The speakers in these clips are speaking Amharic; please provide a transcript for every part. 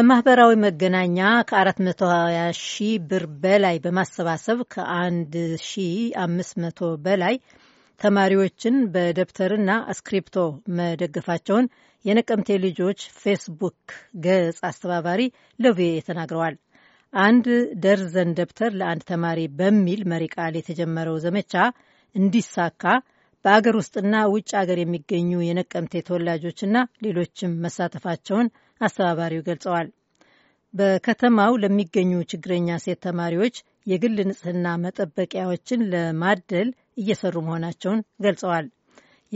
በማህበራዊ መገናኛ ከ420 ሺህ ብር በላይ በማሰባሰብ ከ1500 በላይ ተማሪዎችን በደብተርና እስክሪፕቶ መደገፋቸውን የነቀምቴ ልጆች ፌስቡክ ገጽ አስተባባሪ ለቪኦኤ ተናግረዋል። አንድ ደርዘን ደብተር ለአንድ ተማሪ በሚል መሪ ቃል የተጀመረው ዘመቻ እንዲሳካ በአገር ውስጥና ውጭ አገር የሚገኙ የነቀምቴ ተወላጆችና ሌሎችም መሳተፋቸውን አስተባባሪው ገልጸዋል። በከተማው ለሚገኙ ችግረኛ ሴት ተማሪዎች የግል ንጽህና መጠበቂያዎችን ለማደል እየሰሩ መሆናቸውን ገልጸዋል።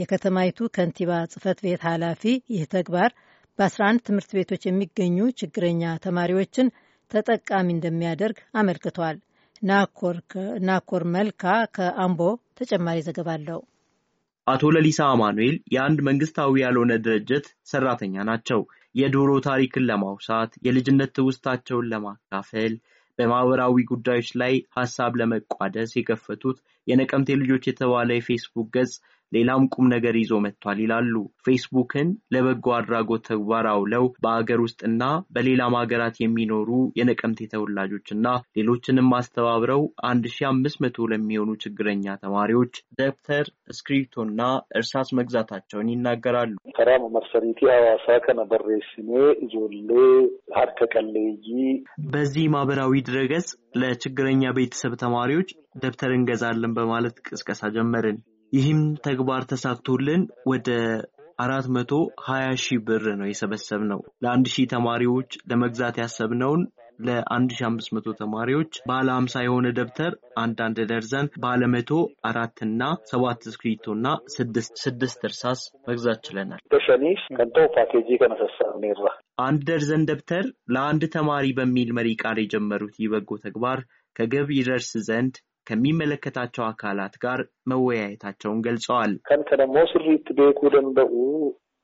የከተማይቱ ከንቲባ ጽህፈት ቤት ኃላፊ ይህ ተግባር በ11 ትምህርት ቤቶች የሚገኙ ችግረኛ ተማሪዎችን ተጠቃሚ እንደሚያደርግ አመልክቷል። ናኮር መልካ ከአምቦ ተጨማሪ ዘገባ አለው። አቶ ለሊሳ አማኑኤል የአንድ መንግስታዊ ያልሆነ ድርጅት ሰራተኛ ናቸው። የዶሮ ታሪክን ለማውሳት፣ የልጅነት ትውስታቸውን ለማካፈል፣ በማህበራዊ ጉዳዮች ላይ ሀሳብ ለመቋደስ የከፈቱት የነቀምቴ ልጆች የተባለ የፌስቡክ ገጽ ሌላም ቁም ነገር ይዞ መጥቷል ይላሉ። ፌስቡክን ለበጎ አድራጎት ተግባር አውለው በአገር ውስጥና በሌላም ሀገራት የሚኖሩ የነቀምቴ እና ሌሎችንም አስተባብረው 1500 ለሚሆኑ ችግረኛ ተማሪዎች ደብተር እስክሪብቶና እርሳስ መግዛታቸውን ይናገራሉ። ከራሙ መርሰሪቲ ሀዋሳ ስሜ ጆሌ ሀርከቀሌይ በዚህ ማህበራዊ ድረገጽ ለችግረኛ ቤተሰብ ተማሪዎች ደብተር እንገዛለን በማለት ቅስቀሳ ጀመርን። ይህም ተግባር ተሳክቶልን ወደ አራት መቶ ሀያ ሺህ ብር ነው የሰበሰብነው። ለአንድ ሺህ ተማሪዎች ለመግዛት ያሰብነውን ለ መቶ ተማሪዎች ባለ አምሳ የሆነ ደብተር አንዳንድ ደርዘን ባለ መቶ አራትና ሰባት እስክሪብቶ እና ስድስት ስድስት እርሳስ መግዛት ችለናል። አንድ ደርዘን ደብተር ለአንድ ተማሪ በሚል መሪ ቃል የጀመሩት ይህ በጎ ተግባር ከግብ ይደርስ ዘንድ ከሚመለከታቸው አካላት ጋር መወያየታቸውን ገልጸዋል። ከንተ ደግሞ ስሪት ቤኩ ደንበኡ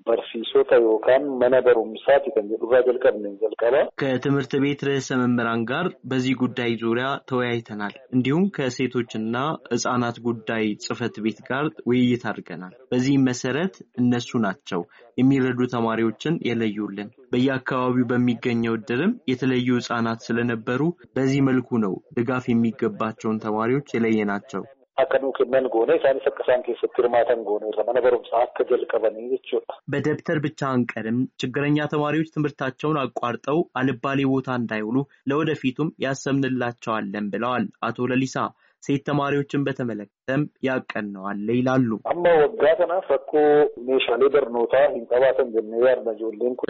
barsiisota yookaan mana barumsaati kan irraa jalqabne jalqaba. ከትምህርት ቤት ርዕሰ መምህራን ጋር በዚህ ጉዳይ ዙሪያ ተወያይተናል። እንዲሁም ከሴቶችና ሕጻናት ጉዳይ ጽህፈት ቤት ጋር ውይይት አድርገናል። በዚህም መሰረት እነሱ ናቸው የሚረዱ ተማሪዎችን የለዩልን። በየአካባቢው በሚገኘው እድርም የተለዩ ሕጻናት ስለነበሩ በዚህ መልኩ ነው ድጋፍ የሚገባቸውን ተማሪዎች የለየናቸው። akka nuu kennan goone isaanis akka isaan keessatti hirmaatan goone irra mana barumsaa akka jalqabanii jechuudha. በደብተር ብቻ አንቀርም ችግረኛ ተማሪዎች ትምህርታቸውን አቋርጠው አልባሌ ቦታ እንዳይውሉ ለወደፊቱም ያሰብንላቸዋለን ብለዋል አቶ ለሊሳ። ሴት ተማሪዎችን በተመለከተም ያቀነዋል ይላሉ።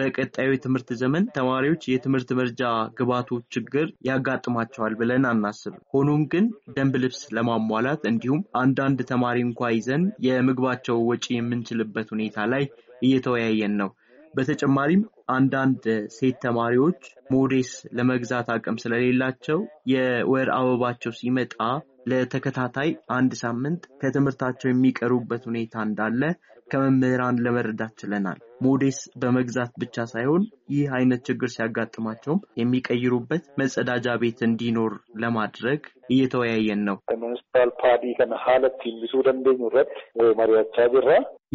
በቀጣዩ የትምህርት ዘመን ተማሪዎች የትምህርት መርጃ ግብዓቶች ችግር ያጋጥማቸዋል ብለን አናስብም። ሆኖም ግን ደንብ ልብስ ለማሟላት እንዲሁም አንዳንድ ተማሪ እንኳ ይዘን የምግባቸው ወጪ የምንችልበት ሁኔታ ላይ እየተወያየን ነው። በተጨማሪም አንዳንድ ሴት ተማሪዎች ሞዴስ ለመግዛት አቅም ስለሌላቸው የወር አበባቸው ሲመጣ ለተከታታይ አንድ ሳምንት ከትምህርታቸው የሚቀሩበት ሁኔታ እንዳለ ከመምህራን ለመረዳት ችለናል። ሞዴስ በመግዛት ብቻ ሳይሆን ይህ አይነት ችግር ሲያጋጥማቸውም የሚቀይሩበት መጸዳጃ ቤት እንዲኖር ለማድረግ እየተወያየን ነው።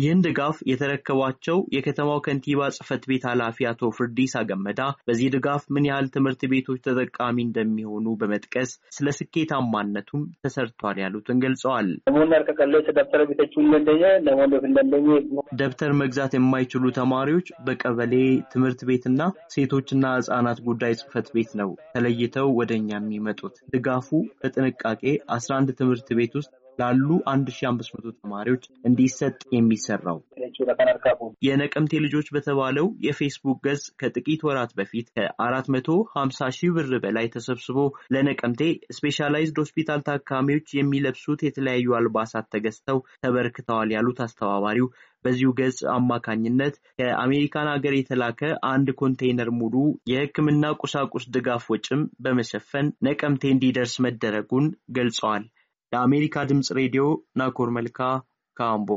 ይህን ድጋፍ የተረከቧቸው የከተማው ከንቲባ ጽህፈት ቤት ኃላፊ አቶ ፍርዲስ አገመዳ በዚህ ድጋፍ ምን ያህል ትምህርት ቤቶች ተጠቃሚ እንደሚሆኑ በመጥቀስ ስለ ስኬታማነቱም ተሰርቷል ያሉትን ገልጸዋል። ደብተር መግዛት የማይችሉ ተማሪዎች በቀበሌ ትምህርት ቤትና ሴቶችና ህጻናት ጉዳይ ጽህፈት ቤት ነው ተለይተው ወደ እኛ የሚመጡት። ድጋፉ በጥንቃቄ 11 ትምህርት ቤት ውስጥ ላሉ 1500 ተማሪዎች እንዲሰጥ የሚሰራው የነቀምቴ ልጆች በተባለው የፌስቡክ ገጽ ከጥቂት ወራት በፊት ከ450 ሺህ ብር በላይ ተሰብስቦ ለነቀምቴ ስፔሻላይዝድ ሆስፒታል ታካሚዎች የሚለብሱት የተለያዩ አልባሳት ተገዝተው ተበርክተዋል ያሉት አስተባባሪው በዚሁ ገጽ አማካኝነት ከአሜሪካን ሀገር የተላከ አንድ ኮንቴይነር ሙሉ የሕክምና ቁሳቁስ ድጋፍ ወጪም በመሸፈን ነቀምቴ እንዲደርስ መደረጉን ገልጸዋል። ለአሜሪካ ድምፅ ሬዲዮ ናኮር መልካ ካምቦ